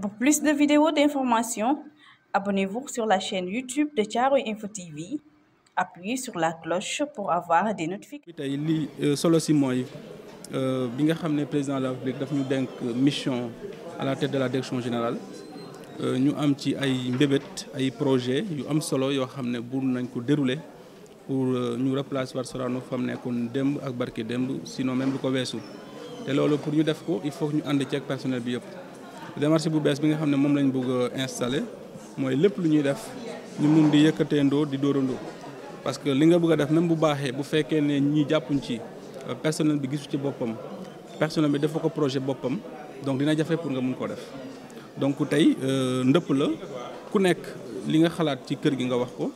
Pour plus de vidéos d'informations, abonnez-vous sur la chaîne YouTube de Charo Info TV. Appuyez sur la cloche pour avoir des notifications. Je li euh, solo si euh, bi président de la République a mission à la tête de la direction générale euh, ñu am ci ay mbébét ay projet yu am solo yo xam nañ ko dérouler pour ñu remplacer War Sorano fam nekkoon démb ak barke sinon même le ko weesu te pour ñu il faut ñu nous ci ak personnel bi démarche bu bees bi nga xam ne moom lañu bëgg a mooy lépp lu ñuy def ñu mun di yëkkateendoo di dóorandoo parce que li nga bëgg a def même bu baaxee bu fekkee ne ñi jàppuñ ci euh, personnel bi gisu ci boppam personnel bi dafa ko projet boppam donc dina jafe pour nga mun koo def donc tey euh, ndëpp la ku nekk li nga xalaat ci kër gi nga wax ko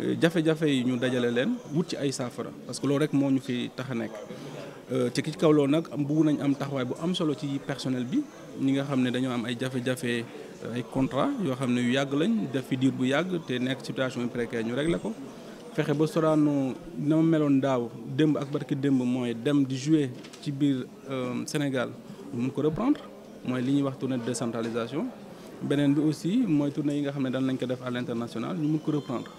euh, jafe-jafe yi ñu dajale leen wut ci ay saafara parce que loolu rek moo ñu fi tax a nekk Euh, te ci kaw loolu nag bugg nañ am taxawaay bu am solo ci personnel bi ñi nga xam ne dañoo am ay jafé jafé ay contrat yo xam yu yag lañ def fi dir bu yag té nek situation précaire ñu régler ko fexé ba Sorano na ma meloon daaw démb ak barki demb moy dem di jouer ci bir euh, Sénégal mun ko reprendre moy li ñi wax tournée décentralisation benen bi aussi moy tournée yi nga xam dañ lañ ko def à l'international ñu mun ko reprendre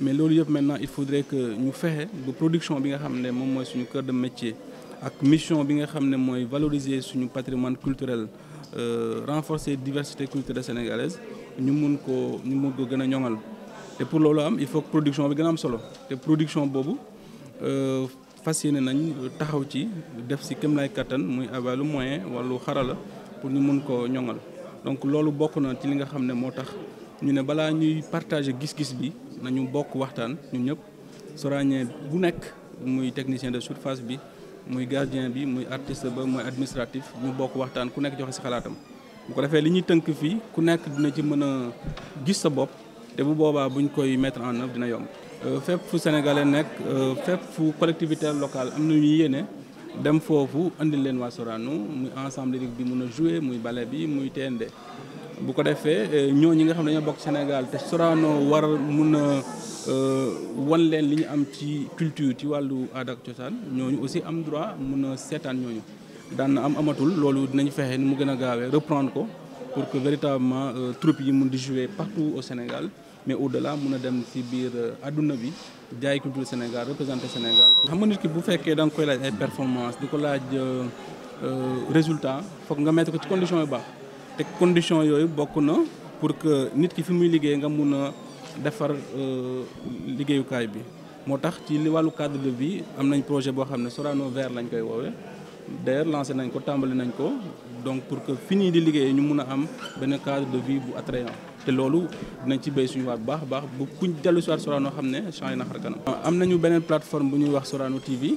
mais loolu maintenant il faudrait que ñu fexe bu production bi nga xam ne moom mooy suñu cœur de métier ak mission bi nga xam ne mooy valoriser suñu patrimoine culturel euh, renforcer diversité culturelle sénégalaise ñu mun ko ñu mun ko gën a ñoŋal te pour loolu am il faut que production bi gën a am solo te production boobu euh, fas yéene nañ taxaw ci def si kem lay kattan muy avalu moyen wàllu xarala pour ñu mun ko ñoŋal donc loolu bokk na ci li nga xam ne moo tax ñu ne balaa ñuy partager gis-gis bi nañu bokk waxtaan ñun ñëpp su ràññee bu nekk muy technicien de surface bi muy gardien bi muy artiste ba muy administratif ñu bokk waxtaan ku nekk joxe si xalaatam. bu ko defee li ñuy tënk fii ku nekk dina ci mën a gis sa bopp te bu boobaa buñ koy mettre en œuvre dina yomb. Euh, fépp fu sénégalais nekk euh, fépp fu collectivité locale am na ñuy yéene dem foofu andil leen waa Sorano muy ensemble bi mun a jouer muy ballet bi muy TND bu ko defee euh, ñoo ñi nga xam ne dañoo bokk Sénégal te Sorano war mun a euh, wan leen li ñu am ci culture ci wàllu aada ak cosaan ñooñu aussi am droit mun a seetaan ñooñu daan am amatul loolu dinañ fexe mu gën a gaawee reprendre ko pour que véritablement euh, troupe yi mun di jouer partout au Sénégal mais au delà mun a dem si biir adduna bi jaay culture Sénégal représenter Sénégal. xam nga nit ki bu fekkee da nga koy laaj ay performance di ko laaj résultat foog nga mettre ko ci condition yu baax. té condition yoy bokku na pour que nit ki fi muy liggéey nga mun a defar liggéeyukaay bi moo tax ci li wàllu cadre de vie am nañ projet boo xam ne Sorano vert lañ koy woowee d'ailleurs lancé nañ ko tàmbali nañ ko donc pour que fi ñuy di liggéeyee ñu mun a am benn cadre de vie bu attrayant te loolu dinañ ci béy suñu waat bu baax baax bu kuñ dellu si waat Sorano xam ne changé na xar kanam am nañu beneen plateforme bu ñuy wax Sorano TV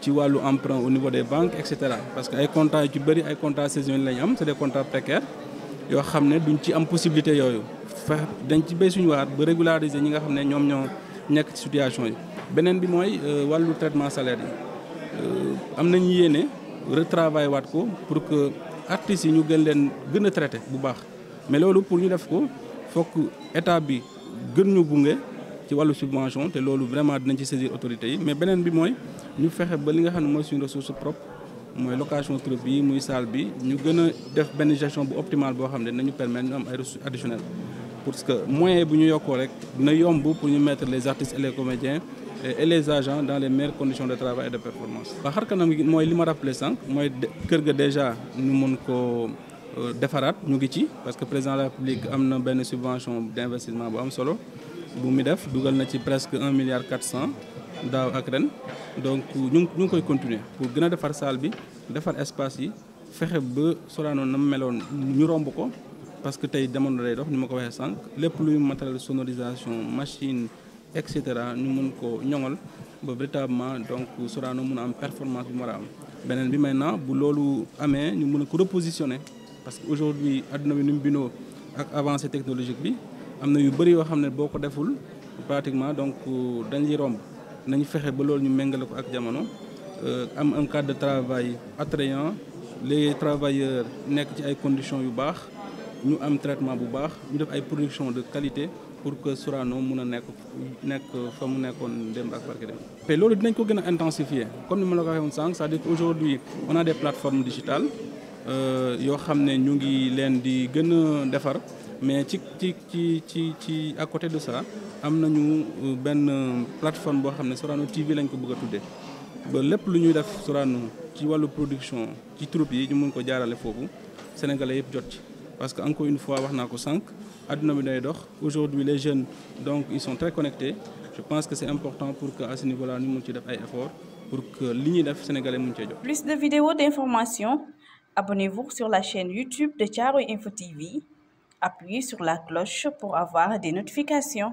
ci walu emprunt au niveau des banques et cetera parce que ay contrats ci bëri ay contrats saisonniers lañ am c'est des contrats précaires yo xamné duñ ci am possibilité yoyu fa dañ ci bay suñu waar ba régulariser ñi nga xamné ñom ñoo nek ci situation yi. benen bi moy euh, walu traitement salaire yi euh, am nañu yéné retravailler wat ko pour que artistes yi ñu gën leen gën a traité bu baax mais loolu pour ñu def ko fokk état bi gën ñu gunge ci walu subvention té lolu vraiment dinañ ci saisir autorités yi mais benen bi moy ñu fexé ba li nga moy suñu ressource propre moy location troupe bi moy salle bi ñu gëna def gestion bu optimale pour nous permettre ñu am ay ressources additionnelles parce que moyen bu ñu yokko rek dina yomb pour ñu mettre les artistes et les comédiens et les agents dans les meilleures conditions de travail et de performance. Ba xar kanam gi mooy li ma rappelé déjà ñu des ko euh, ñu ngi ci parce que président de la République amna ben subvention d'investissement bu am solo bu mu def dugal na ci presque un milliard quatre cent daaw ak ren donc ñu ngi koy continuer pour gën a defar salle bi defar espace yi fexe ba Sorano na meloon ñu rompons ko parce que tu as day dox ni ma ko waxee sànq lépp luy matériel sonorisation machine etc nous ñu mun ko ba véritablement donc Sorano mun a performance bu ben war bi maintenant bu loolu amee ñu mun ko repositionner parce que aujourd'hui avons bi ni mu bindoo ak avancée technologique bi am na yu bëri yoo xam ne boo ko deful pratiquement donc dañuy romb nañu fexe ba loolu ñu méngale ko ak jamono euh, am un cadre de travail attrayant les travailleurs nekk ci ay conditions yu baax ñu am traitement bu baax ñu def ay production de qualité pour que surano mun a nekk nekk fa mu nekkoon démb ak barke dem mais loolu dinañ ko gën a intensifier comme ni ma la ko waxee woon sànq c'est-à-dire qu'aujourd'hui on a des plateformes digitales euh, Yo, xam ne ñu ngi leen di gën a mais ci ci ci ci ci à côté de ça am nañu euh, benn plateforme boo xam ne Sorano TV lañ ko bëgg a tuddee ba lépp lu ñuy def Sorano ci wàllu production ci troupe yi ñu mun ko jaarale foofu sénégalais yëpp jot ci. parce que encore une fois wax naa ko sànq adduna bi day dox aujourd'hui les jeunes donc ils sont très connectés je pense que c'est important pour que à ce niveau-là ñu mun ci def ay efforts pour que li ñuy def sénégalais mun cee jot. plus de vidéos d'information. Abonnez-vous sur la chaîne YouTube de Charo Info TV. Appuyez sur la cloche pour avoir des notifications.